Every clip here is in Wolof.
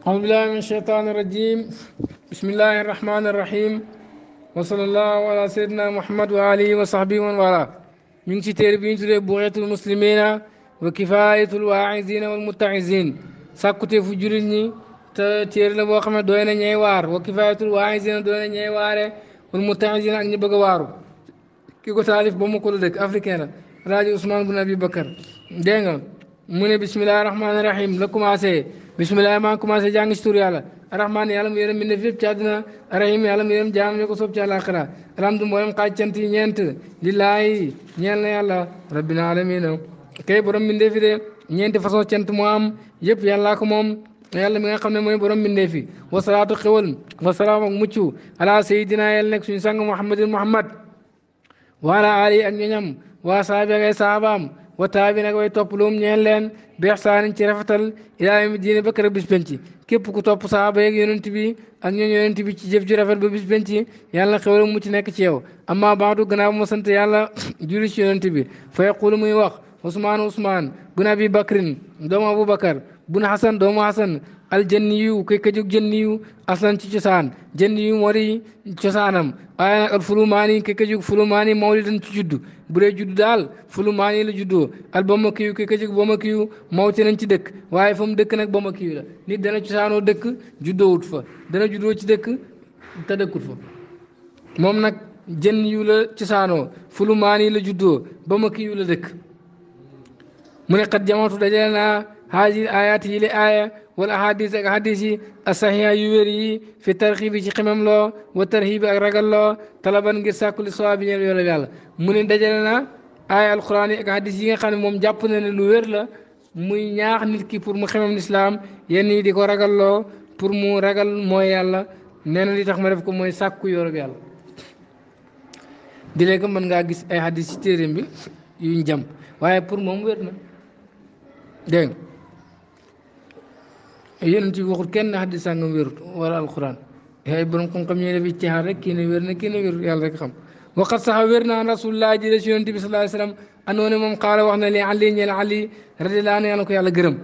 أعوذ بالله من الشيطان الرجيم بسم الله الرحمن الرحيم وصلى الله على سيدنا محمد وآله وصحبه ومن والاه من شتير بين بغية المسلمين وكفاية الواعزين والمتعزين ساكوتي فجرني تير لا بوخما دوينا نياي وار وكفاية الواعزين دوينا نياي وار والمتعزين اني بغا وارو كي كو تالف بومو كول ديك افريكان راجي عثمان بن ابي بكر دينغ من بسم الله الرحمن الرحيم لكم عسي bisimilah maa a commencé jàng ci tur yàlla arahmaan yàlla mu yërëm mi ne fépp ci àddina arahim yàlla mu yërëm jaam ñu ko soob ci àllaaxira alhamdu mboolem xaaj cant yi ñeent lillaahi ñeel na yàlla rabbil alamin kay borom mbindee fi de ñeenti façon cant moo am yëpp moom yàlla mi nga ne mooy borom mbindee fi wasalaatu xewal wasalaam ak mucc ala sayidina yàlla nekk suñu sang muhammadin muhammad waala ali ak ñoñam waa saabi ak wataa bi nag way topp lu mu ñeen leen beexsaanin ci rafetal ilaa yawmi ba kër bis penc ku topp saaba yeeg yonent bi ak ñooñ yonent bi ci jëf ju rafet ba bis penc yàlla xewal mu ci nekk ci yow amma baadu gannaaw ma sant yàlla julli ci yonent bi fa yaqulu muy wax Ousmane Ousmane bun Abi Bakrin doomu Aboubacar bun Xasan doomu Xasan aljanniyu kay ka jóg janniyu aslan ci cosaan janniyu moo di cosaanam waaye nag al fulumaani kay ka jóg fulumaani mawlidan ci juddu bu dee juddu daal fulumaani la juddoo al bamakiyu kay ka jóg bamakiyu mawti nañ ci dëkk waaye fa mu dëkk nag bamakiyu la nit dana cosaanoo dëkk juddoowut fa dana juddoo ci dëkk te fa moom nag janniyu la cosaanoo fulumaani la juddoo bamakiyu la dëkk mu ne xat jamatu dajale naa هذه الآيات هي الآية والأحاديث أحاديث الصحيحة يوري في ترغيب في قمم لو وترهيب رجل لو طلبا غير كل صواب يلا يلا من دجلنا آية القرآن أحاديث يي خاني موم جاب na lu wér la muy ñaax nit ki pour mu xemam lislaam yenn yi di ko ragal loo pour mu ragal mooy yàlla nee na li tax ma def ko mooy sàkku yoorub yàlla di léegi mën ngaa gis ay xadis ci téeréem bi yuñ jam waaye pour moom wér na dégg yonent bi waxul kenn xaddi sàngam wérut wala alquran yaay borom xam-xam ñooy def ijtihaad rek kii ne wér na kii ne wér yàlla rek xam waqat sax wér na an rasulullah jële si yonent bi sallallahu alayhi wasallam andoone moom xaala wax na li ali ñeel ali radiyallahu anhu yàlla ko yàlla gërëm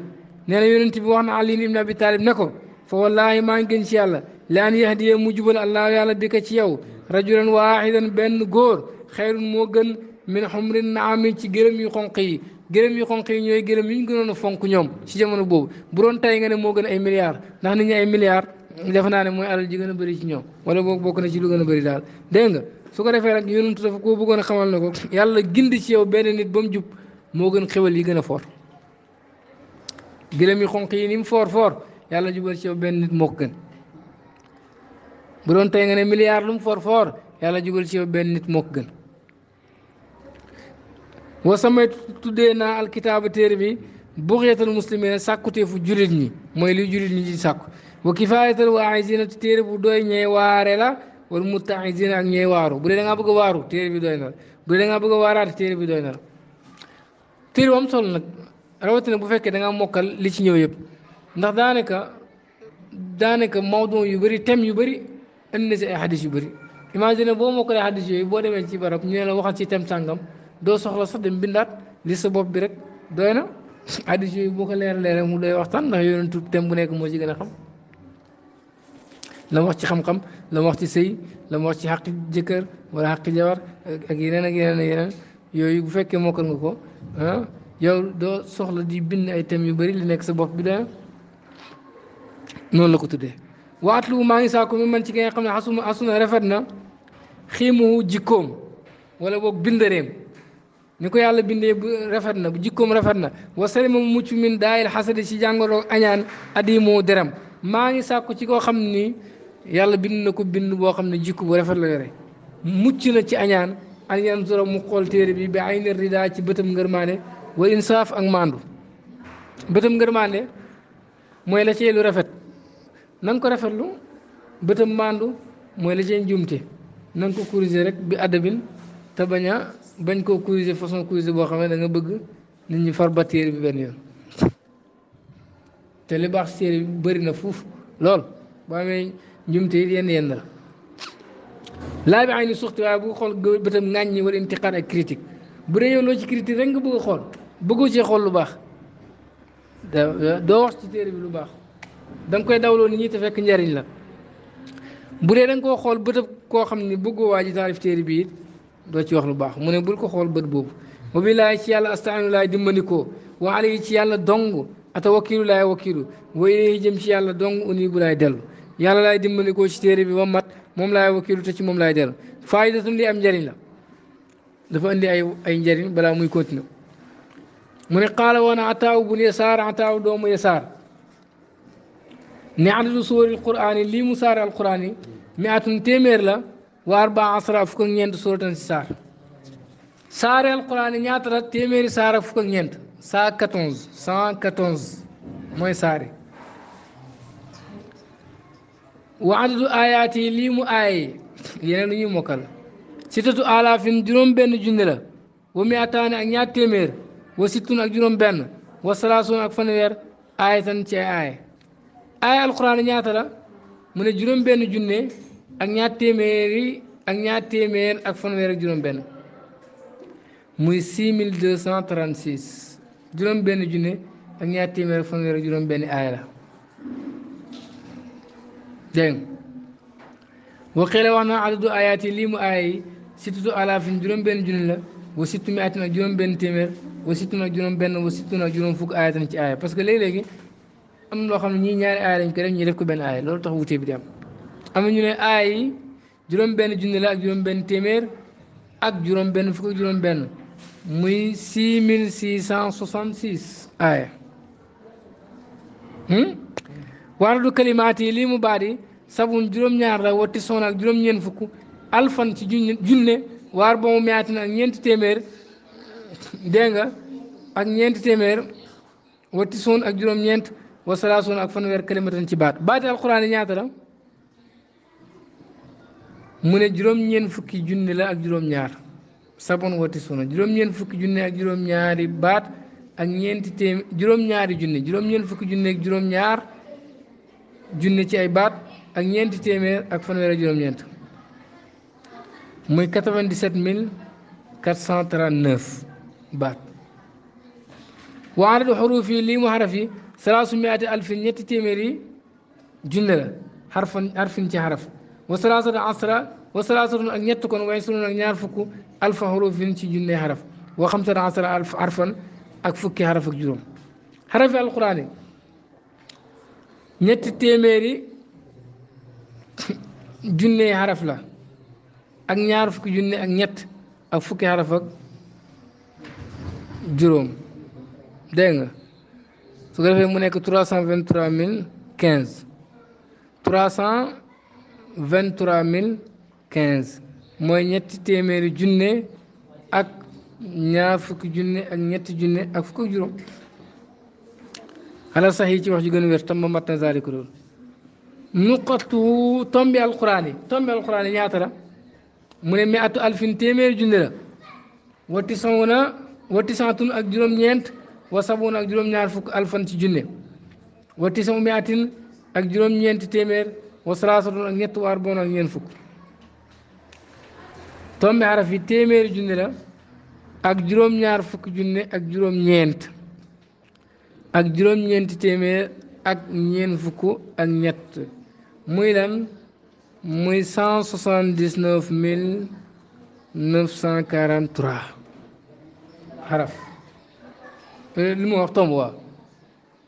nee na yonent bi wax na ali ibn abi talib ne ko fa wallahi maa ngi gën ci yàlla laan yahdiya mu jubal allah yàlla bi ka ci yow rajulan waahidan benn góor xayrun moo gën min xumrin naamin ci gërëm yu xonq yi gërëm yu xonq yi ñooy gërëm yi ñu gënoon a fonk ñoom ci jamono boobu bu doon tay nga ne moo gën ay milliards ndax nit ñi ay defe naa ne mooy alal a bëri ci ñoom wala boog bokk na ci lu gën a bëri daal dégg nga su ko defee nag yonentu dafa koo bëggoon a xamal ne ko yàlla gindi ci yow benn nit ba mu moo gën xewal yi gën a foor gërëm yu xonq yi ni mu foor yàlla jubal ci yow benn nit moo ko gën bu doon nga ne milliards lu mu foor yàlla jubal ci benn nit moo gën وسميت تدينا الكتاب التربي بغية المسلمين ساكوتي في جريدني مويلي جريدني جي ساك وكفاية الواعزين تتربو دوي نيواري لا والمتعزين عن نيوارو بلي لنا بغو وارو تتربو دوينا بلي لنا بغو وارا تتربو دوينا تيرو أمسول نك رواتنا بفكة دنا موكل لش نيو يب ndax danaka danaka mawdu yu bari tem yu bari ennese ay hadith yu bari imagine bo moko hadith yu bo demé ci barap ñu la waxal ci tem sangam doo soxla sax dem bindaat li sa bopp bi rek doy na addis yooyu boo ko leeralee rek mu doy waxtaan ndax yonentu thème bu nekk moo ci gën a xam wax ci xam-xam wax ci sëy la wax ci xaqi jëkkër wala xaqi jabar ak yeneen ak yeneen ak yooyu bu fekkee mokkal nga ko ah, yow doo soxla di bind ay thèmes yu bëri li nekk sa bopp bi doy la ko tuddee waat lu maa ngi saako mi man ci ki nga xam ne asuma asuna rafet na xiimu jikkoom wala boog bindareem ni ko yàlla bindee bu rafet na bu jikkoom rafet na wasali ma mucc min daayil xasadi ci jàngoro añaan adi moo deram maa ngi sàkku ci koo xam ni yàlla bind na ko bind boo xam ne jikko bu rafet la yore mucc na ci añaan an yan zoro mu xool téere bi bi ay nir ridaa ci bëtam ngërmaande wa insaaf ak maandu bëtam ngërmaande mooy la cee lu rafet na nga ko rafetlu bëtëm maandu mooy la cee njuumte na nga ko corriger rek bi adabin te bañ koo corriger façon corriger boo xam ne da nga bëgg nit ñi far ba téere bi benn yoon te li baax si téere bi bëri na fuuf lool boo amee njumte it yenn yenn la laa bi ay ni suxti waaye bu xool bëtam ŋàññ ñi wala intiqaad ak critique bu dee yow loo ci critique rek nga bëgg xool bëggoo cee xool lu baax doo wax ci téere bi lu baax da koy dawloo nit ñi te fekk njariñ la bu dee da nga koo xool bëtam koo xam ne bëggoo waa ji taarif téere bi it doo ci wax lu baax mu ne bul ko xool bët boobu wa billaahi ci yàlla astaanu laay dimbandikoo wa alayhi ci yàlla dong ata wakilu laay wakilu wa ilayhi jëm ci yàlla dong uni bu laay dellu yàlla laay dimbandikoo ci téere bi ba mat moom laay wakilu te ci moom laay dellu faayidatun li am njëriñ la dafa indi ay ay njëriñ balaa muy continuer mu ne qaala wana ataaw bun yasaar ataaw doomu yasaar ne adadu suwari alquraan lii mu saare alquraan yi mi atun téeméer la wa arba asra fukk ak ñeent suuratan si saar saare alquran yi ñaata la téeméeri saar ak fukk ak ñeent cent quatorze cent quatorze mooy saare wa adadu aayaat yi lii mu aaye yeneen ñuy mokkal sittatu alaafin juróom benn junni la wa miataani ak ñaar téeméer wa sittun ak juróom benn wa salaasoon ak fanweer aayatan ci ay aaye aaye alquran ñaata la mu ne juróom benn junne ak ñaar téeméeri ak ñaar téeméer ak fanweer ak juróom-benn muy six mille deux cent trente six juróom-benn junne ak ñaar téeméer ak fanweer ak juróom-benn aaya la dégg nga waxee wax naa adadu aayaat yi lii mu aaya yi sittatu alaafin juróom-benn junne la wa sittu mi atin ak juróom-benn téeméer wa sittu nag juróom-benn wa sittu nag juróom-fukk aaya ci aaya parce que léegi-léegi am loo xam ne ñii ñaari aaya lañ ko def ñii def ko benn aaya loolu tax wutee bi di am. am na ñu ne aay yi juróom-benn junni la ak juróom-benn téeméer ak juróom-benn fukk juróom-benn muy six mille six cent soixante six aaya hmm? waaradu kalimaat yi lii mu baadi sabun juróom-ñaar la watti ak juróom-ñeent fukk alfan ci junne waar boobu meeyatina ak ñeenti téeméer dégg nga ak ñeenti téeméer watti soon ak juróom-ñeent wasalaasuun ak fanweer kalimatan ci baat baati alquran yi ñaata la mu ne juróom-ñeent fukki junni la ak juróom-ñaar sabon wati juróom-ñeent fukki junni ak juróom-ñaari baat ak ñeenti téem juróom-ñaari junni juróom-ñeent fukki junni ak juróom-ñaar junni ci ay baat ak ñeenti téeméer ak fanweer ak juróom-ñeent muy 97 439 baat wa adadu xaruuf yi lii mu xaraf yi salaasu miati alfin ñetti téeméer yi junne la xarfan xarfin ci xaraf وسلاسل عصرة وسلاسل نيتكون ويسون نيارفك ألف حروف في نتي جنة حرف وخمسة عصرة ألف حرفا أكفك حرف جرم حرف القرآن نيت تيميري جنة حرف لا أك نيارفك جنة أك نيت أكفك حرف جرم دينغ سوغرافي مونيك 323 015 300 vingt trois mille quinze mooy ñetti téeméeri junne ak ñaar fukki junne ak ñetti junne ak fukki juróom ala sax yi ci wax ju gën a wér tam ma mat tombi alquran tombi alquran yi mu ne mi attu alfin téeméeri junné la wati sawna wati santun ak juróom-ñeent wa sabuna ak juróom alfan ci junne ak juróom-ñeenti téeméer wasalaasatun ak ñett wa arboon ak ñeent fukk tombi xaraf yi téeméeri la ak juróom-ñaar fukki junne ak juróom-ñeent ak juróom-ñeenti téeméer ak ñeent fukk ak ñett muy lan muy cent soixante-dix-neuf mille neuf cent quarante-trois euh, wax tomb waa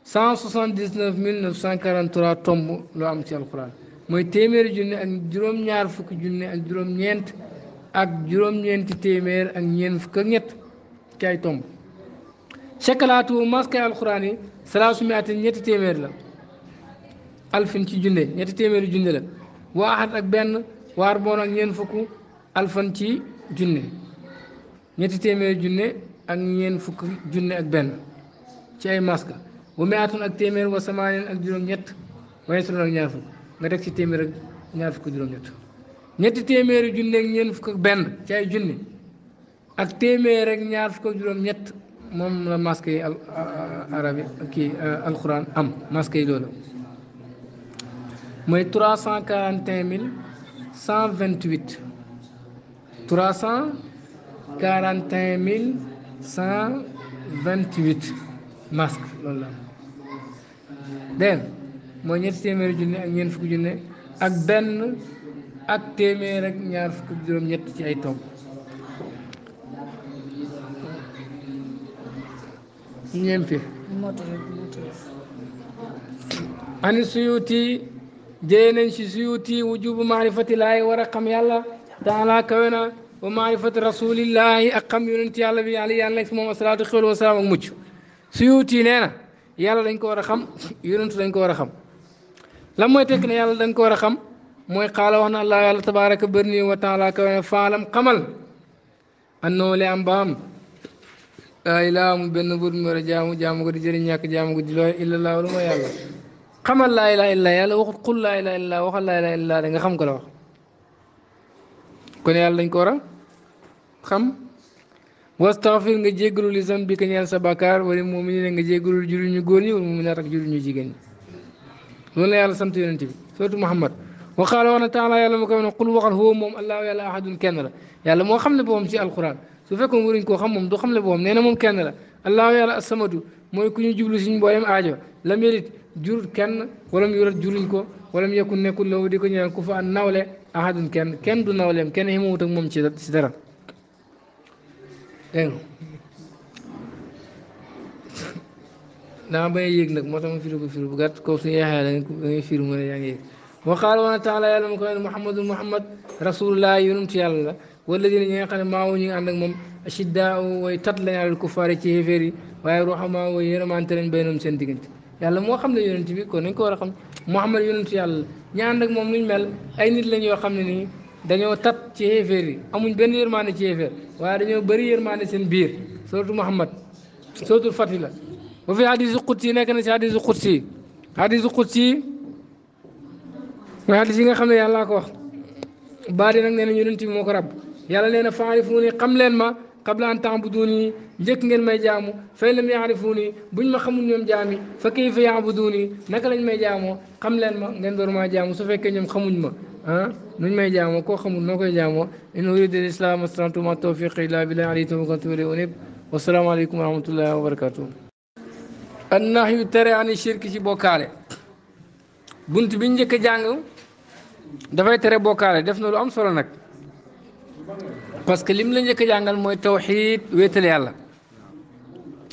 cent tomb loo am ci alxuraan moy témer junne ak juróom-ñaar fukk junne ak juróom-ñeent ak juróom-ñeenti témer ak ñeent fukk ak ñett ci ay tomb chakalaatu maske alquran yi salaasu miatin ñetti la alfin ci junne ñetti témer junne la waa ak benn waar boon ak ñeent fukk alfan ci junne ñetti témer junne ak ñeent fukk junne ak benn ci ay maska wu miatun ak témer wa samaanin ak juróom-ñett waaye solo ak ñaar fukk nga teg ci téeméer ak ñaar fukk juróom-ñett ñetti téeméeri junne ñeent fukk ak benn ci ay ak téeméer ak ñaar fukk ak juróom-ñett moom la masque yi al arabi kii alquran am masque yi loolu mooy trois cent quarante et mille cent vingt huit trois cent quarante et un mille cent vingt huit masque loolu la am mooy ñetti téeméeri junne ak ñeent fukki junne ak benn ak téeméer ak ñaar fukki juróom-ñett ci ay tomb ñeem fi ani suyuti jëye nañ si suyuti wujubu maarifati laahi war a xam yàlla taala kawe na wa maarifati rasulillahi ak xam yonent yàlla bi yàlla yàlla nekk si moom asalaatu xéwal wa salaam ak mucc suyuti nee yàlla dañ ko war a xam yonent ko war a xam lan mooy tekk ne yàlla da nga ko war a xam mooy xaala wax na allah yàlla tabaaraka bërni wa taala ka wene faalam xamal annoo li am ba am laa ilaaha amul benn buur mu war a jaamu jaamu ko di jëriñ ñàkk jaamu ko di looy illallah lu ma yàlla xamal laa ilaaha illa yàlla waxut xul laa ilaaha illa waxal laa ilaaha illa da nga xam ko la wax kon yàlla dañ ko war a xam wastaxfir nga jéggalul li zam bi ka ñeel sa bakkaar wala moom ne nga jéggalul jullit ñu góor ñi wala moom ne ak jullit ñu jigéen ñi لولا يالا سنت يونتي سوره محمد وقال وانا تعالى يالا مكون قل وقال هو موم الله يالا احد كان لا يالا مو خمل بوم سي القران سو فكون ورين كو خمم دو خمل نينا موم كان لا الله يالا الصمد موي كوني جوبلو سيني بويم اديو لم يريد جور كان ولم يرد جورين كو ولم يكن نيكو لو ديكو نيان كوفا ناولي احد كان كان دو ناولم كان هيموت موم سي دارا naa bañ a yéeg nag moo tax ma ko firi bu gàtt kooku suñu yeexee da ngay firi mu ne yaa ngi yéeg wa qaala wana taala yàlla mu ko ne muhammadu muhammad rasulullah yonumtu yàlla la wala dina ñi nga xam ne maawu ñu ngi ànd ak moom ashiddaa way tat lañ alal kuffaari ci xéeféer yi waaye ruxamaa way yërëmante lañ seen diggante yàlla moo xam ne yonent bi kon ko war a xam muhammad yonumtu yàlla ñi ànd ak moom luñ mel ay nit lañ yoo xam ne nii dañoo tat ci xéeféer yi amuñ benn yërmande ci xéeféer waaye dañoo bëri yërmande seen biir sootu muhammad sootul fati la وفي حديث القدسي نكنا في حديث القدسي حديث القدسي ما حديث إنك خمدي الله كوه بارين عن نين يرنتي مكرب يلا لين فاعرفوني قم لين ما قبل أن تعبدوني جك نين ما يجامو فإن لم يعرفوني بني ما خمون يوم جامي فكيف يعبدوني نكلين ما يجامو قم لين ما نين دور ما يجامو سوف يكين يوم خمون ما ها نين ما يجامو كوه خمون نو كيجامو إن أريد الإسلام استرنت ما توفيق إلا بالله عليه توكل توري أنيب والسلام عليكم ورحمة الله وبركاته annax yu tere ani shirk ci bokkaale bunt bi njëkk a jàng dafay tere bokkaale def na lu am solo nag parce que lim la njëkk a jàngal mooy tawxiid wéetal yàlla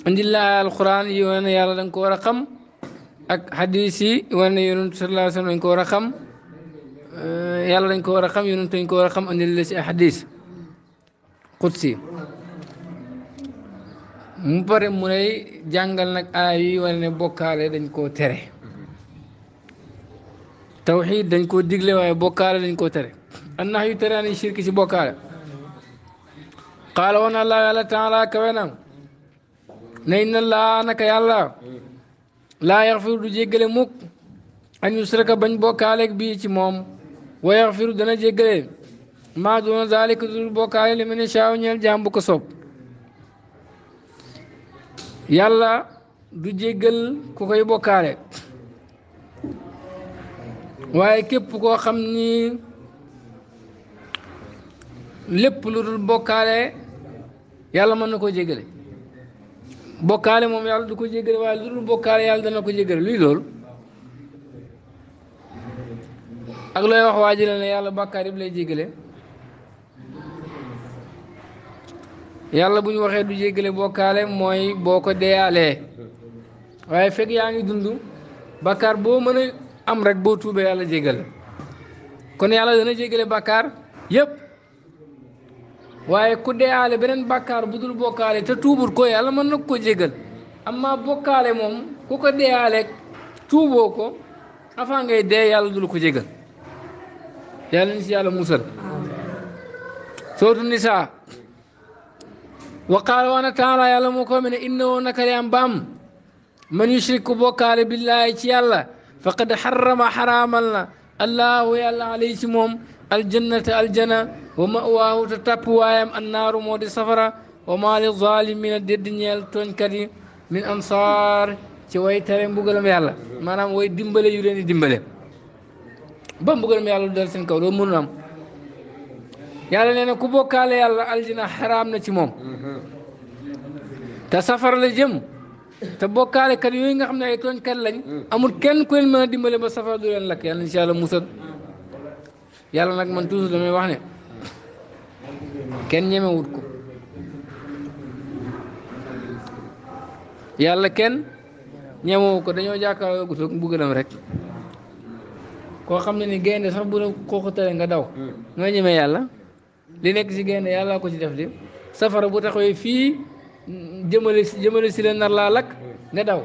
indi laa alquran yi wane yàlla da nga ko war a xam ak hadis yi wane yonent sallallahu alayhi wasallam dañ ko war a xam eh, yàlla dañ ko war a xam yonent dañ ko war a xam indi la si ay hadis qudsi mu pare mu lay jàngal nag aay yi ne bokkaale dañ koo tere tawxiid dañ koo digle waaye bokkaale dañ koo tere an nax yu tere ani shirki si bokkaale qaala woon allah yàlla taala kawe na ne inna laa naka yàlla laa yaxfiru du jéggale mukk an yusraka bañ bokkaaleeg bii moom wa yaxfiru dana jéggale maa doona zaalika dul bokkaale li shaaw ñeel jaam bu ko yàlla du jéggal ku koy bokkaale waaye képp koo xam ni lépp lu dul bokkaale yàlla man na ko jéggale bokkaale moom yàlla du ko jéggale waaye lu dul bokkaale yàlla dana ko jéggale luy loolu ak looy wax waa ji la ne yàlla bàkkaar yëpp lay jéggale yàlla bu ñu waxee du jéggale bokkaale mooy boo ko deyaalee waaye fekk yaa ngi dund bàkkaar boo mën a am rek boo tuubee yàlla jéggal kon yàlla dana jéggale bàkkaar yépp waaye ku deyaale beneen bakkaar bu dul bokkaale te tuubul ko yàlla mën na ko jéggal amma bokkaale moom ku ko deyaale tuuboo ko avant ngay dee yàlla dul ko jéggal yàlla ni si yàlla musal sootu nisaa وقال وانا تعالى يعلم من إنه نكريان بام من يشرك بوكال بالله يلا فقد حرم حراما الله يلا عليه موم الجنة الجنة ومأواه تتبوايم النار مود سفرة وما للظالمين الدنيا تونكري من أنصار ci way tere mbugalam yàlla maanaam way dimbale yu leen di dimbale ba mbugalam yàlla dal seen kaw loolu mënul am yàlla nee na ku bokkaale yàlla aljina xaraam te safara la jëm te bokkaale kat yooyu nga xam ne ay tooñkat lañ amul kenn ku leen mën dimbale ba safara du leen lakk yàlla incha allah musal yàlla nag man toujours damay wax ne kenn ñemewut ko yàlla kenn ñemewu ko dañoo jàkkaarloo gudd mbugalam rek koo xam ne ni gaynde sax bu la xooxutale nga daw hmm. nga ñemee yàlla li nekk ci gaynde yàllaa ko ci def di safara bu taxawee fii. jëmale si si la nar laa lakk nga daw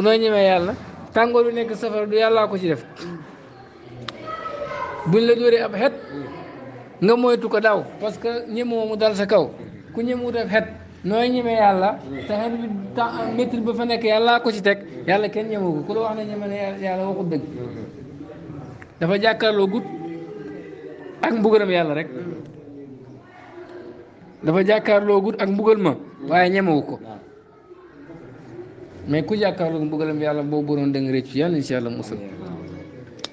noo ñemee yàlla tàngoor bi nekk safara du yàllaa ko ci def buñ la dóoree ab xet nga moytu ko daw parce que ñemoo mu dal sa kaw ku ñemewut ab xet nooy ñemee yàlla te xet bi ba fa nekk yàllaa ko ci teg yàlla kenn ñemoo ko ku la wax ne ñeme ne yàlla waxut dëgg ak mbugalam yàlla rek dafa jàkkaarloo gut ak mbugal ma waaye ñemewu ko mais ku jàkkaarloog mbugalam yàlla boo bonoon da yàlla incha allah musal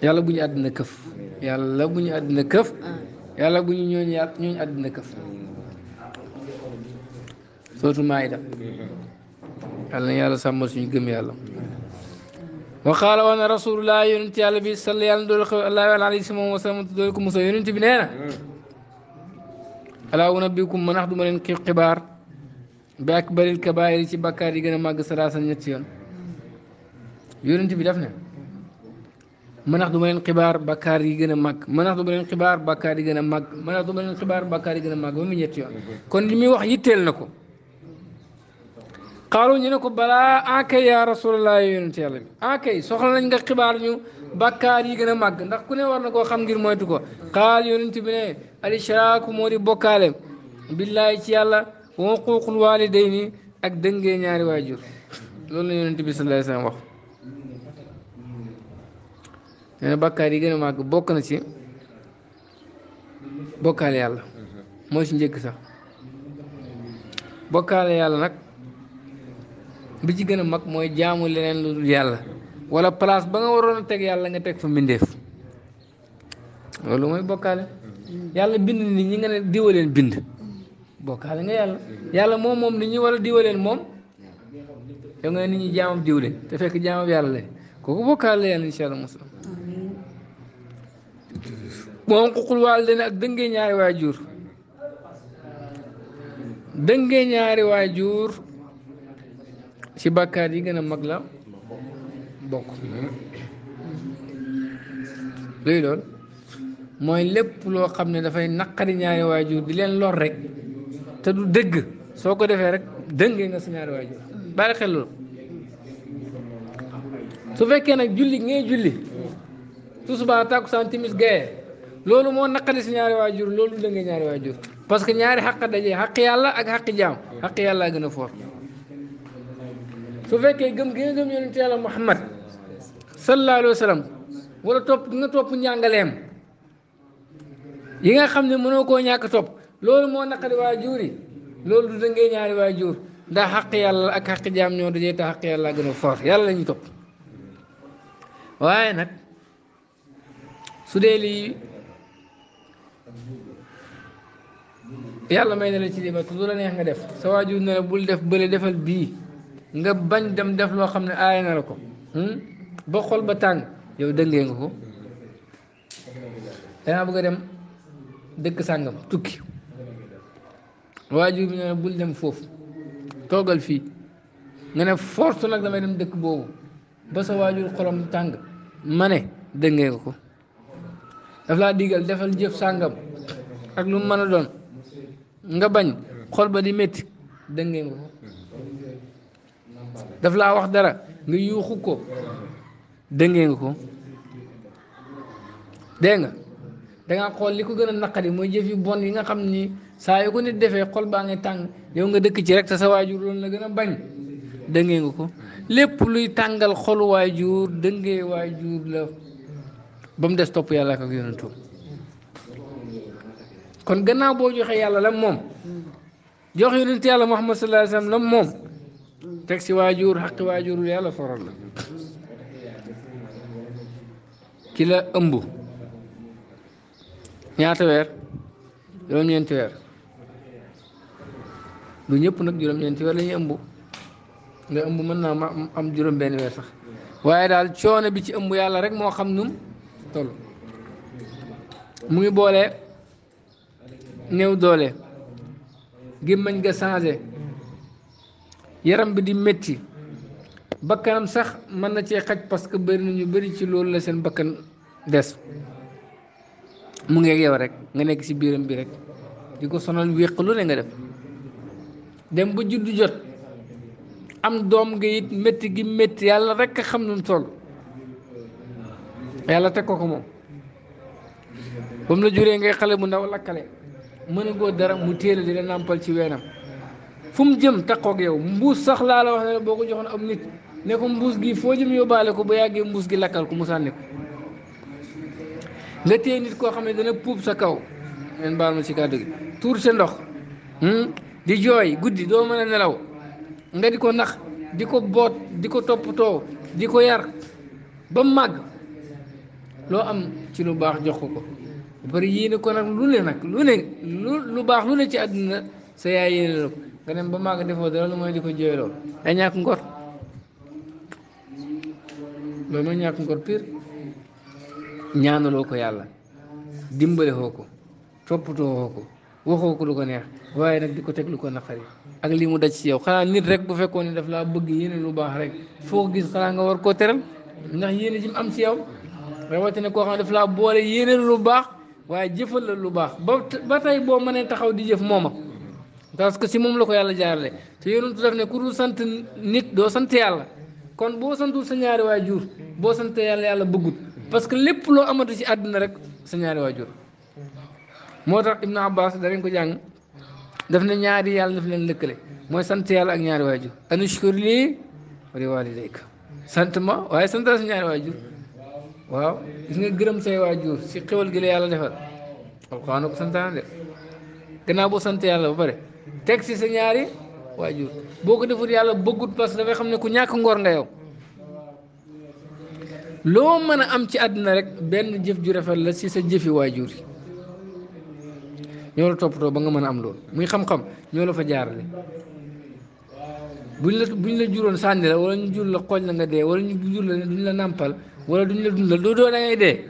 yàlla àddina këf yàlla bu ñu àddina këf yàlla bu ñu ah. yàlla ñooñu àddina këf sootu yàlla na yàlla gëm yàlla wa qaala wax na rasulullah yonent yàlla bi sall yàlla doolu doolu ko musal yonent bi hmm. duma leen xibaar bi akbaril kabaayir ci bakkaar yi gën a màgg salaasa ñetti yoon yonent bi def ne mënax du ma leen xibaar bakkaar yi gën a màgg mënax du ma leen xibaar bakkaar yi gën a màgg mënax du ma leen xibaar yi gën a màgg ba mu kon li muy wax yitteel na ko xaalu ñu ne ko balaa ankay yaa rasulallah yonent yàlla soxla nañ nga ñu bakkaar yi gën a màgg ndax ku ne war na koo xam ngir moytu ko xaal yonent bi ne al bokkaale billaahi ci yàlla wa xuququl walidayni ak dëngee ñaari waajur loolu la yonent bi sallallahu alayhi wasallam wax nee na bàkkaar yi gën a màgg bokk na ci bokkaale yàlla moo ci njëkk sax bokkaale yàlla nag bi ci gën a mag mooy jaamu leneen lu yàlla wala place ba nga waroon a teg yàlla nga teg fa mbindeef loolu mooy bokkaale yàlla bind ni ñi nga ne bind bokkaale nga yàlla yàlla moom moom nit ñuy war a diwaleen moom yow nga nit ñi jaamam diw te fekk jaamam yàlla leen kooku bokkaale yàlla incha allah mos moom xuqul waal ak dëngee ñaari waajur dëngee ñaari waajur ci bàkkaar yi gën a mag la bokk luy loolu mooy lépp loo xam ne dafay naqari ñaari waajur di leen lor rek te du dëgg soo ko defee rek dëngee nga sa ñaari waajur bàyyi xel loolu su fekkee nag julli ngay julli tusubaa tàkkusaan timis gaye loolu moo naqari si ñaari waajur loolu dëngee ñaari waajur parce que ñaari xaq dajee xaq yàlla ak xaq jaam xaq yàlla gën a foor su fekkee gëm gi nga gëm yonent yàlla Muhammad sallallahu alayhi wa sallam wala topp gi nga topp njàngaleem yi nga xam ne mënoo koo ñàkk topp loolu moo naqari waajur yi loolu du dangay ñaari waajur ndax xaq yàlla ak xaq jaam ñoo dajee te xaq yàlla gën a fort yàlla la ñuy topp waaye nag su dee lii yàlla may na la ci liba te lu la neex nga def sa waajur na la bul def bële defal bii nga bañ dem def loo xam ne aaya na la ko hmm? ba xol ba tàng yow dëngee nga ko danaa bëgg a dem dëkk sàngam tukki waajur bi nee na bul dem foofu toogal fii nga ne force nag damay dem dëkk boobu ba sa waajur xolam tàng ma ne dëngee ko daf laa diggal defal jëf sàngam ak lu mu mën a doon nga bañ xol ba di metti dëngee ko daf la wax dara nga yuuxu ko dëngee ko dégg nga dangaa xool li ko gën a naqari mooy jëf bon yi nga xam ni saa yu ko nit defee xol baa ngi tàng yow nga dëkk ci rek te sa waajur loolu la gën a bañ dëngee ngeen ko lépp luy tàngal xolu waajur dëngee waajur la ba mu des topp yàlla ak yonentu kon gannaaw boo joxe yàlla la moom jox yonent yàlla muhammad sallallahu alayhi wasallam la moom teg si waajur xaqi waajur yàlla foral la ki la ëmb ñaata weer juróom-ñeenti weer du ñëpp nag juróom-ñeenti wala la ñuy ëmb nga ëmb mën naa ma am juróom-benn weer sax waaye daal coono bi ci ëmb yàlla ya, rek moo xam num toll mu ngi boole néew doole gémmañ nga changé yaram bi di métti bakkanam sax mën na cee xaj parce que bëri na ñu bëri ci loolu la seen bakkan des mu ngi ak ya, yow ya, rek nga nekk ci biiram bi rek di ko sonal wéq lu ne nga def. dem ba juddu jot am doom nga it métti gi metti yàlla rek xam nu toll yàlla teg ko ko moom ba mu la juree ngay xale bu ndaw lakkale mën a góor dara mu téela di la nàmpal ci weenam fu mu jëm takkoog yow mbuus sax laa la wax ne boo ko joxoon am nit ne ko mbuus gi foo jëm yóbbaale ko ba yàggee mbuus gi lakkal ko mu sànni ko nga téye nit koo xam ne dana puub sa kaw ngeen baal ma ci kàddu gi tuur sa ndox hmm? di jooy guddi doo mën a nelaw nga di ko nax di ko boot di ko toppatoo di ko yar ba màgg loo am ci lu baax jox ko ko bari yéene ko nag lu ne nag lu ne lu lu baax lu ne ci àdduna sa yaay yéene la ko nga dem ba màgg defoo dara lu mooy di ko jooy lool day ñàkk ngor loolu mooy ñàkk ngor pire ñaanaloo ko yàlla dimbalewoo ko toppatoo ko waxoo ko lu ko neex waaye nag di ko teg lu ko naqari ak lii mu daj ci yow xanaa nit rek bu fekkoon ne daf laa bëgg yéene lu baax rek foo ko gis xanaa nga war ko teral ndax yéene ji mu am ci yow rawatina koo xam ne daf laa boole yéene lu baax waaye jëfal la lu baax ba ba tey boo mënee taxaw di jëf mooma parce que si moom la ko yàlla jaarale te yonentu daf ne ku dul sant nit doo sant yàlla kon boo santul sa ñaari waajur boo sant yàlla yàlla bëggut parce que lépp loo amatu ci àdduna rek sa ñaari moo tax Ibnu Abbas danañ ko jàng def na ñaari yàlla daf leen lëkkale mooy sant yàlla ak ñaari waajur anushkur lii wa li waalidayka sant ma waaye sant la si ñaari waajur waaw gis nga gërëm say waajur si xéwal gi la yàlla defal alxuraan ko santaan def gannaaw boo sant yàlla ba pare teg si sa ñaari waajur boo ko defut yàlla bëggut parce que dafay xam ne ku ñàkk ngor nga yow loo mën a am ci àddina rek benn jëf ju rafet la si sa jëfi waajur yi ñoo la toppatoo ba nga mën a am loolu muy xam-xam ñoo la fa jaarale buñ la buñ la juróon sànni la wala ñu jur la xooñ la nga dee wala ñu jur la duñ la nàmpal wala duñ la dundal doo doo da dee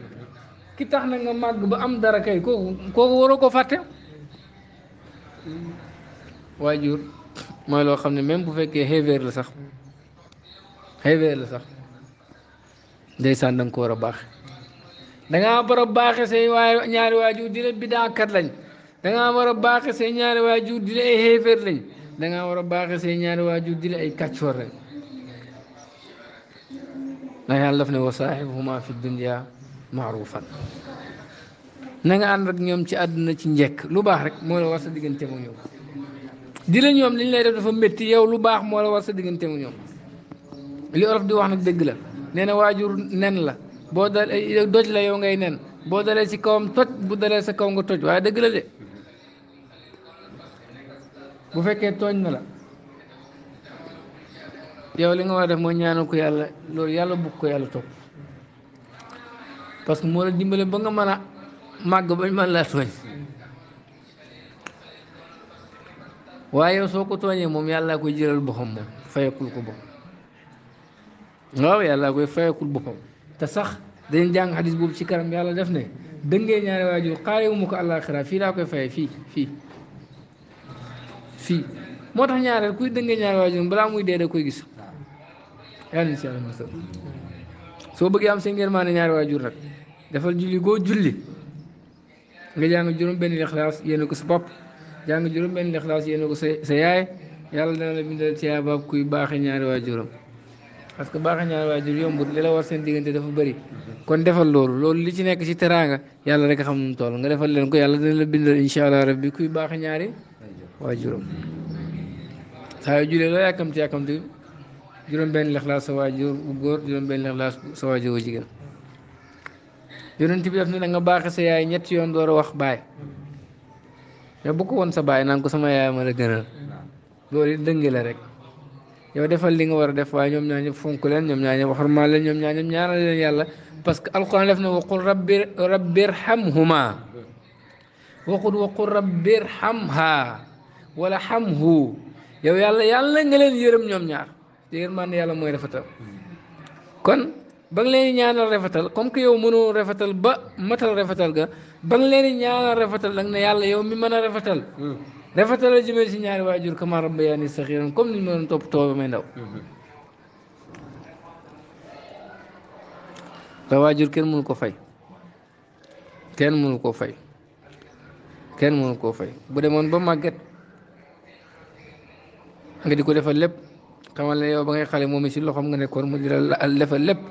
ki tax na nga màgg ba am dara kay kooku kooku waroo ko fàtte waajur mooy loo xam ne même bu fekkee xeeveer la sax xeeveer la sax ndeysaan da nga ko war a baax da ngaa war a baaxee say waay ñaari waajur di la bidaakat lañ danga wara baxé sé ñaari wajur di la ay hefer lañ danga wara baxé sé ñaari wajur di la ay katchor rek na yalla daf ne wa sahibuhuma fi dunya ma'rufan na nga rek ñom ci aduna ci ñek lu bax rek mo la war sa digënté mo ñom di la ñoom lay def dafa metti yow lu bax mo la war sa digënté mo ñom li orof di wax nak dëgg la nee wajur nen la bo dal doj la yow ngay nen bo dalé ci kawam toj bu dalé sa kaw nga toj waaye la de bu fekkee tooñ na la yow li nga war def mooy ñaanal ko yàlla loolu yàlla bugg ko yàlla topp parce que moo la dimbale ba nga mën a màgg bañ man laa tooñ waaye soo ko tooñee moom yàlla yàllaa koy jëlal boppam moom fayakul ko boppam waaw yàllaa koy fayakul boppam te sax dañu jàng xadis boobu ci karam yàlla def ne dëngee ñaari waajur xaarewuma ko àllaaxira fii laa koy faye fii fii fi motax tax ñaareel kuy dënga ñaar waajuram bala muy dé da koy gis yàlla si yàlla mosal soo bëggee am ngeen yërmaande ñaar waajur rek defal julli go julli nga jang juroom ben ikhlas yéene ko sa bop jang juroom ben ikhlas yéene ko sa yaay yalla dana la bindal ci yaa baab kuy baaxe ñaari waajuram parce que baax ñaar waajur yombut lila war seen diggante dafa bari kon defal loolu loolu li ci nekk ci teranga yalla rek xam nu mu toll nga defal leen ko yalla dana la bindal inshallah rabbi kuy baax ñaari waa juróom saa yu julee juróom benn lexlaas sa waajur bu góor juróom benn lexlaas sa waajur bu jigéen yonent bi def ne da nga baaxe yaay ñetti yoon door a wax baay mais bu ko woon sa baay nan ko sama yaay ma la gënal loolu it rek yow defal li nga war a def waaye ñoom ñaa ñëpp fonk leen ñoom ñaa ñëpp xormaa leen ñoom ñaa ñëpp ñaanal leen yàlla parce que alquran def na waqul rabbi rabbirhamhuma waqul waqul rabbirhamha xam xamhu yow yàlla yàlla nga leen yërëm ñoom ñaar man yàlla mooy rafetal kon ba nga leen ñaanal rafetal comme que yow mënoo rafetal ba matal rafetal ga ba nga leen ñaanal rafetal nag ne yàlla yow mi mën a rafetal hmm. rafetal la jëmee si ñaari waajur kama rabbayaani saxiran comme niñ ma doon topp tooba may ndaw da hmm. waajur kenn mënu ko kenn mënu koo fay kenn mënu koo fay bu demoon ba màgget nga di ko defal lépp xamal ne yow ba ngay xale moom i si loxoom nga nekkoon mu di la defal lépp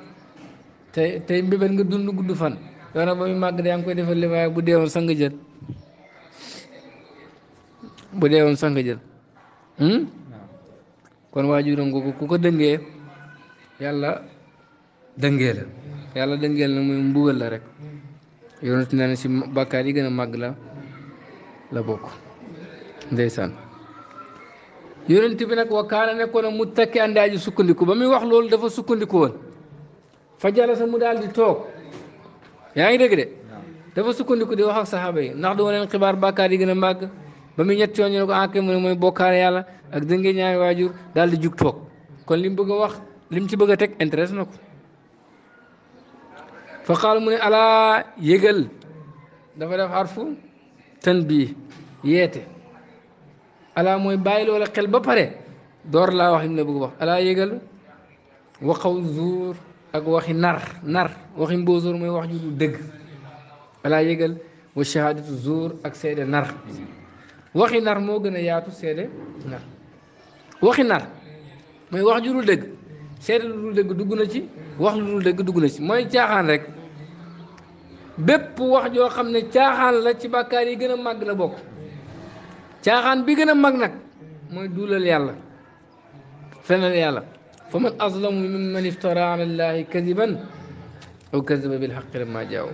te tey mbébét nga dund gudd fan yow nag ba muy màgg yaa ngi koy defal lépp waaye bu deewoon sanga jël bu deewoon sang jël hmm? kon waajuram googu ku ko dëngee yàlla dëngee la yàlla dëngee la muy mbugal la rek yonent naa ne si bàkkaar yi gën a màgg la la bokk ndeysaan yonent bi nag wa kaana nekkoon a mu takki andaaji sukkandiku ba muy wax loolu dafa sukkandiku woon fa jalasa mu daal di toog yaa ngi dégg de dafa sukkandiku di wax ak ndax duma leen xibaar bàkkaar yi gën a màgg ba muy ñett yoon ñu ne ko enquête ah, mu ne mooy bokkaale yàlla ak dëngee ñaari waajur daal di jug toog kon li mu bëgg a wax li ci bëgg a teg intéresse na ko fa xaal mu ne alaa yëgal dafa def xarfu tan bii yeete ألا موي بايل ولا قلب بره دور لا وحي من بغبا ألا يغل وقو زور أك وحي نار نار وحي بوزور موي وحي يقول دق ألا يغل وشهادة زور أك سيدة نار وحي نار مو غنى ياتو سيدة نار وحي نار موي وحي جو دق سيدة رو دق دقو نجي وحي جو دق دقو نجي موي تياخان رك بيب يقول جو خمنا تياخان لا تباكاري غنى مغلبوك تاخان بي گنا ماگ نك موي دولال يالا فنال يالا فمن اظلم ممن افترى على الله كذبا او كذب بالحق لما جاءه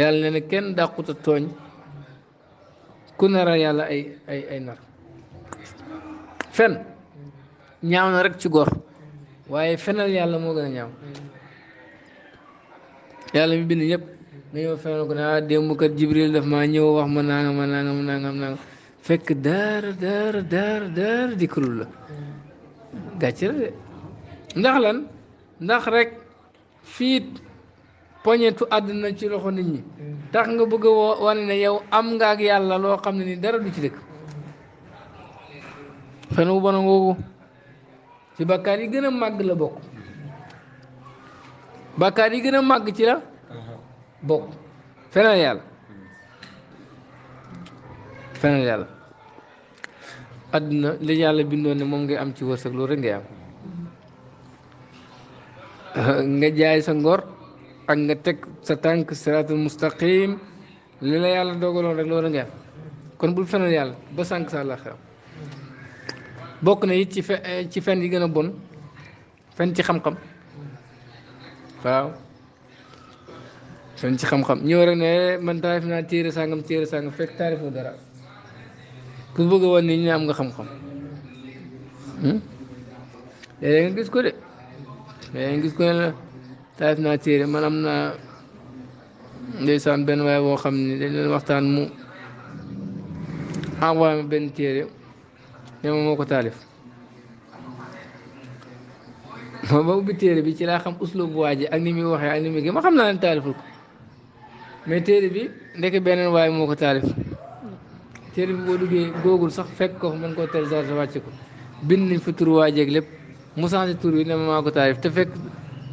يالا نين كين داكو توغ كون را يالا اي اي اي نار فن نياونا رك سي گور واي فنال يالا مو گنا نياو يالا مي بين ييب نيو فنال كون ا ديمو كات جبريل داف ما نيو واخ ما نانغ ما نانغ ما نانغ ما نانغ fekk dara dara dara dara dikkul la gàcce la de ndax lan ndax rekk fiit poñetu àddina ci loxo nit ñi tax nga bëgg a wane yow am nga yàlla loo xam ne ni dara du ci dëkk fen wu bon ngoogu ci bakkaar yi gën a màgg la bokk bakkaar yi gën a màgg ci la bokk fenal yàlla feneen yàlla àdduna li yàlla bindoon ne moom ngay am ci wërsëg loolu rek ngay am nga jaay sa ngor ak nga teg sa tànk siraatul mustaqim li la yàlla dogaloon rek loolu rek ngay am kon bul feneen yàlla ba sànk sa la bokk na it ci fe ci fen yi gën a bon fen ci xam-xam waaw fen ci xam-xam ñëw rek ne man taarif naa téere sàngam téere sàngam fekk taarifu dara pour bëgg woon nit ñi am nga xam-xam hmm? léeg-léeg nga gis ko de léeg nga gis ko ne la taas naa téere man am naa ndeysaan benn waaye boo xam ne dañ leen waxtaan mu envoyé ma benn téere ne moo ko taalif moo ba ubbi téere bi ci laa xam uslub bu waa ji ak ni muy waxee ak ni muy gi ma xam naa leen taaliful ko mais téere bi ndeke beneen waaye moo ko taalif téere bi boo duggee góogul sax fekk ko mën koo télécharge wàcc ko bind nañ fa tur waajeeg lépp mu changé tur bi ne ma maa ko taarif te fekk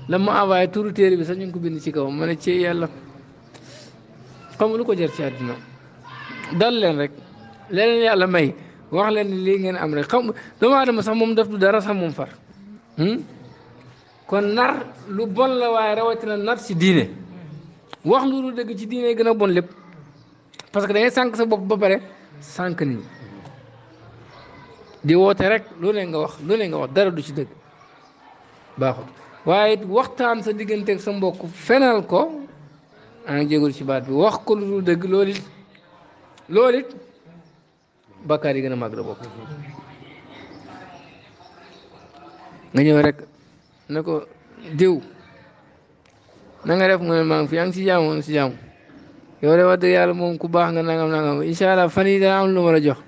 la ma envoyé turu téere bi sax ñu ngi ko bind ci kaw ma ne ci yàlla xamu lu ko jar ci àddina dal leen rek leneen yàlla may wax leen lii ngeen am rek xam doomu aadama sax moom def du dara sax moom far hmm? kon nar lu bon la waaye rawatina nar ci diine wax lu dëgg ci diine gën a bon lépp parce que da sànq sa bopp ba pare sànq ni ñi di woote rek lu ne nga wax lu ne nga wax dara du ci dëgg baaxut waaye waxtaan sa digganteeg sa mbokk fenal ko en jégul ci baat bi wax ko lu dul dëgg loolu it loolu bakkaar yi gën a màgg la bokk nga ñëw rek ko diw nanga ref mu ne maa ngi fi yaa ngi si jaamu si jaamu yow de wax dëgg yàlla moom ku baax nga nangam nangam incha allah fan yii danaa am lu ma jox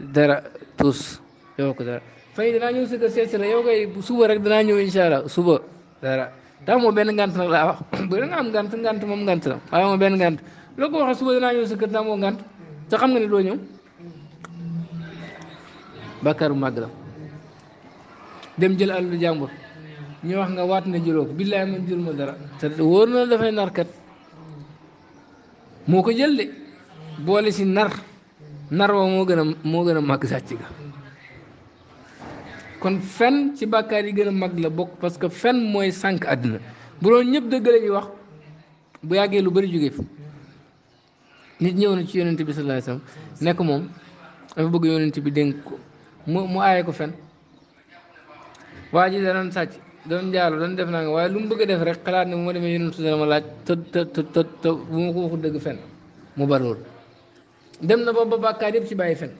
dara tuus yow ko dara fan yii danaa ñëw si que seet si suba rek danaa ñëw incha allah suba dara tax benn ngant nag laa wax bëri am ngant ngant moom ngant la waaye moom benn ngant loo ko waxee suba danaa ñëw te xam nga ne doo ñëw Bakar mag la dem jël àll jàmbur ñu wax nga waat na jëlook ko billaay jël ma dara te wóor na dafay narkat moo ko jël de boole si nar nar wa moo gën a moo gën a màgg sàcc ga kon fen ci bàkkaar yi gën a mag la bokk parce que fen mooy sànq àddina bu doon ñëpp dëgg la wax bu yàggee lu bari jóge fi nit ñëw na ci yonent bi sallallahu alayhi wasallam nekk moom dafa bëgg yonent bi dénk ko mu mu ko fen waa ji da doon sàcc doon jaaro doon def naa nga waaye lu mu bëgg def rek xalaat ne bu ma demee yonent dana ma laaj të të të bu ma ko waxul dëgg fen mu ba loolu dem na ba ba bàkkaar yëpp ci bàyyi fen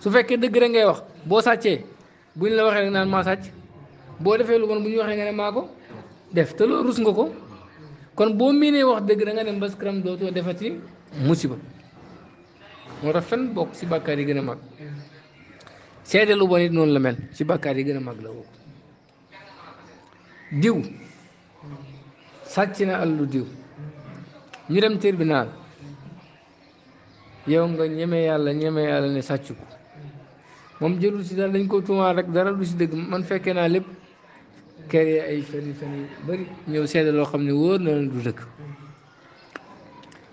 su fekkee dëgg rek ngay wax boo sàccee bu ñu waxee rek naan maa sàcc boo defee lu bu ñu waxee nga ne maa ko def te loolu rus nga ko kon boo miinee wax dëgg da nga dem bas këram dootoo defati musiba moo tax bokk si bàkkaar yi gën a mag seede lu bon it noonu la mel ci bàkkaar yi gën a mag la woo diw sàcc na àllu diw ñu dem tribunal yow nga ñeme yàlla ñeme yàlla ne sàcc ko moom jëlul si dara dañ ko tuumaal rek dara du si dëgg man fekkee naa lépp kër yi ay feni feni bëri ñëw seede loo xam ne wóor na leen du dëgg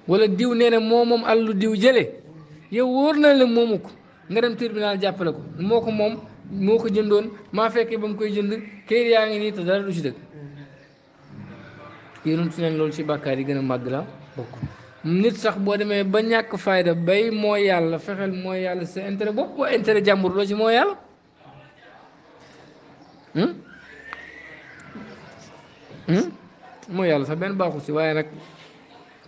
wala diw nee na moo moom àllu diw jële yow wóor na la moomu ko nga dem tribunal jàppale ko moo ko moom moo ko jëndoon maa fekkee ba mu koy jënd kayit yaa ngi nii te dara du ci dëgg yonent neen loolu ci bàkkaar yi gën a màgg la bokk nit sax boo demee ba ñàkk fayda bay moo yàlla fexeel mooy yàlla sa intérêt bopp waa jàmbur loo ci mooy yàlla hmm? Hmm? mooy yàlla sax benn baaxul si waaye nag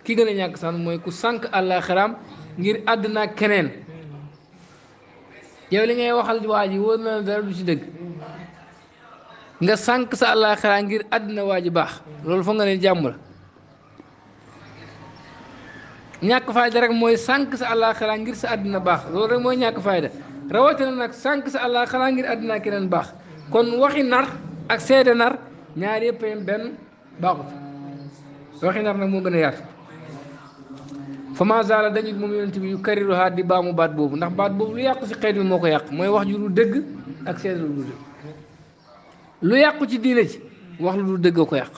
ki gën a ñàkk sax mooy ku sànq àllaaxiraam ngir àddina keneen yow li ngay waxal waa ji wóor na dara du ci dëgg nga sànq sa àllaaxira ngir àddina waa ji baax loolu foog nga ne jàmm la ñàkk fayda rek mooy sànq sa àllaaxira ngir sa àddina baax loolu rek mooy ñàkk fayda rawatina nag sànq sa àllaaxira ngir àddina keneen baax kon waxi nar ak seede nar ñaar yëpp yem benn baaxut waxi nar nag moo gën a Fama Zala dañu moom yonent bi yu kariruha di baamu baat boobu ndax baat boobu lu yàqu si xeet bi moo ko yàq mooy wax ju dëgg ak seen lu du dëgg lu yàqu ci diine wax lu dëgg a ko yàq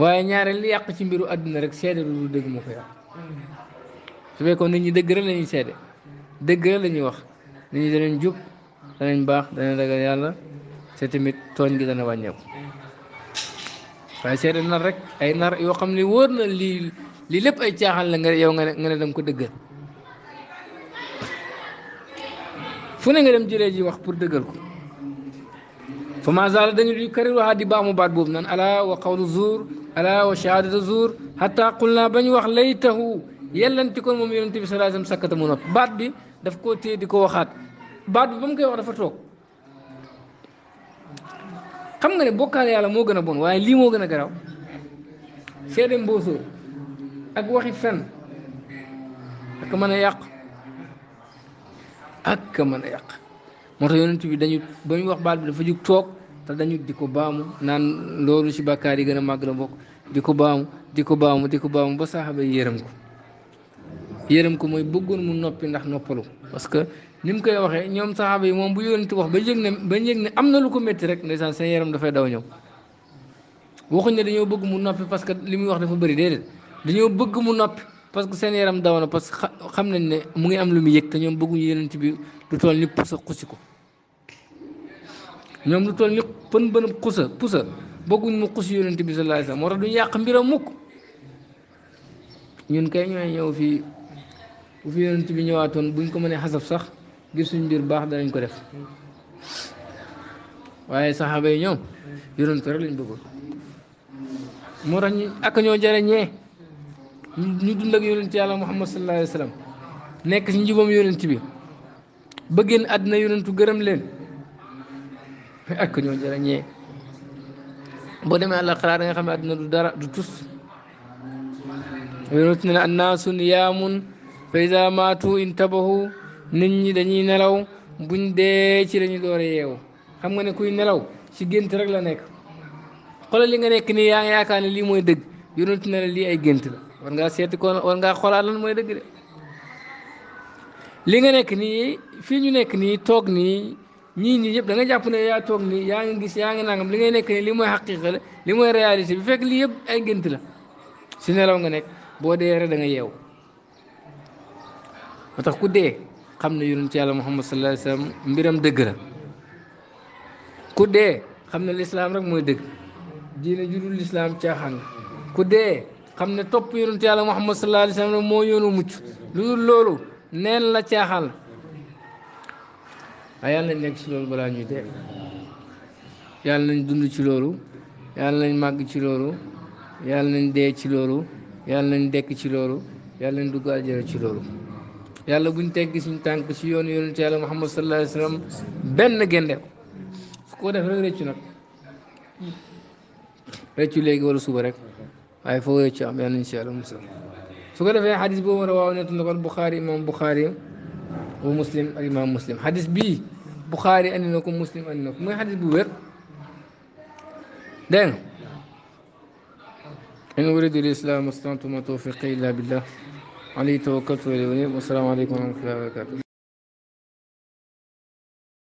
waaye ñaareel li yàq ci mbiru àdduna rek seede lu du dëgg moo ko nit ñi dëgg rek la ñuy seede dëgg rek la ñuy wax nit ñi danañ jub danañ baax danañ ragal yàlla te tamit tooñ gi dana wàññeeku. waaye seede nar rek ay nar yoo xam ne wóor na lii lii lépp ay caaxaan la nga yow nga ne nga ne danga ko dëggal fu ne nga dem jëlee ji wax pour dëggal ko fa ma zaala dañu di kari waxaat di baamu baat boobu naan ala wa qawlu zuur ala wa shahadatu zuur hatta qulna ba ñu wax laytahu yellanti kon moom yonente bi sallallahu alayhi wasallam mu noppi baat bi daf ko téye di ko waxaat baat bi ba mu wax dafa toog xam nga ne bokkaale yàlla moo gën a bon waaye lii moo gën a garaw seede mboosóor ak waxi fen ak mën a yàq ak mën a yàq moo tax yonent bi dañu ba ñu wax baat bi dafa jug toog te dañu di ko baamu naan loolu ci bàkkaar yi gën a màgg la bokk di ko baamu di ko baamu di ko baamu ba saxaaba yërëm ko yërëm ko mooy bëggoon mu noppi ndax noppalu parce ni mu koy waxee ñoom saxaaba yi moom bu yónni wax ba yëg ne ba yëg ne am na lu ko métti rek ndeysaan seen yaram dafay daw ñëw waxuñ ne dañoo bëgg mu noppi parce que li muy wax dafa bëri déedéet dañoo bëgg mu noppi parce que seen yaram daw na parce que xam nañ ne mu ngi am lu mu yëg te ñoom bëgguñu yonent bi lu toll ni pusa xusi ko ñoom lu toll ni pën bën xusa pusa bëgguñ mu xusi yonent bi sallallahu alayhi wasallam moo tax duñu yàq mbiram mukk ñun kay ñooy ñëw fii bu bi ñëwaatoon buñ ko mënee xasaf sax ngir suñ mbir baax danañ ko def waaye saxaaba yi ñoom yonent rek lañ bëggoon moo tax ñu ak ñoo jariñee ñu dund ak yonent yàlla muhammad sallallahu alayhi nekk ci njubam yonent bi ba génn àddina yonentu gërëm leen ak ñoo jariñee boo demee àlla xalaat da du dara du tus yonent ne annaasu niyaamun fa maatu intabahu nit ñi dañuy nelaw buñ dee ci lañu door a yeewu xam nga ne kuy nelaw si gént rek la nekk xoolal li nga nekk nii yaa ngi yaakaar ne lii mooy dëgg yonent na la lii ay gént la war ngaa seeti ko war ngaa xoolaat lan mooy dëgg de li nga nekk nii fii ñu nekk nii toog nii ñii nii yëpp da nga jàpp ne yaa toog nii yaa ngi gis yaa ngi nangam li ngay nekk nii li mooy xaqiqa la li mooy réalité bi fekk lii yëpp ay gént la si nelaw nga nekk boo dee rek da nga ku dee xam ne yonent yàlla muhammad sallallahu alayhi wasallam mbiram dëgg la ku dee xam ne lislaam rek mooy dëgg diine ju dul lislaam caaxaan ku dee xam ne topp yonent yàlla muhammad sallallahu alayhi wasallam moo yoonu mucc lu dul loolu neen la caaxaan la yàlla nañ nekk ci loolu balaa ñuy dee yàlla nañ dund ci loolu yàlla nañ màgg ci loolu yàlla nañ dee ci loolu yàlla nañ dekk ci loolu yàlla nañ dugg aljana ci loolu yàlla buñ teggi suñ tànk si yoon yonent yàlla muhammad sallallahu alayhi wa sallam benn gende ko su ko def rek rëccu nag rëccu léegi wala suba rek waaye foo rëccu am yàlla nañ si yàlla musal su ko defee xadis boobu rawaaw nett na kon buxaari imam buxaari wa muslim ak imam muslim xadis bii buxaari andi na ko muslim andi na ko mooy xadis bu wér dégg nga in uridu l islam astantu ma tawfiqi illa billah Ali तो वक्त वरम्ह वर्क